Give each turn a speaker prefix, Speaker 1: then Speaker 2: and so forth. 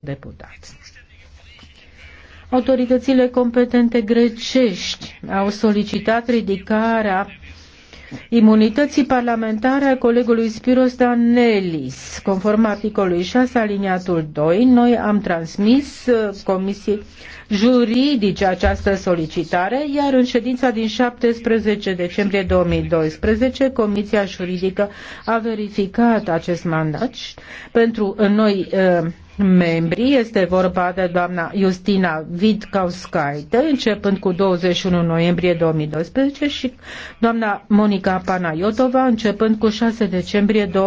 Speaker 1: deputați.
Speaker 2: Autoritățile competente grecești au solicitat ridicarea imunității parlamentare a colegului Spiros Danelis. Conform articolului 6 aliniatul 2, noi am transmis uh, Comisiei Juridice această solicitare, iar în ședința din 17 decembrie 2012, Comisia Juridică a verificat acest mandat pentru noi uh, membri. Este vorba de doamna Justina Vidkauskaite, începând cu 21 noiembrie 2012 și doamna Monica Panayotova, începând cu 6
Speaker 3: decembrie 2012.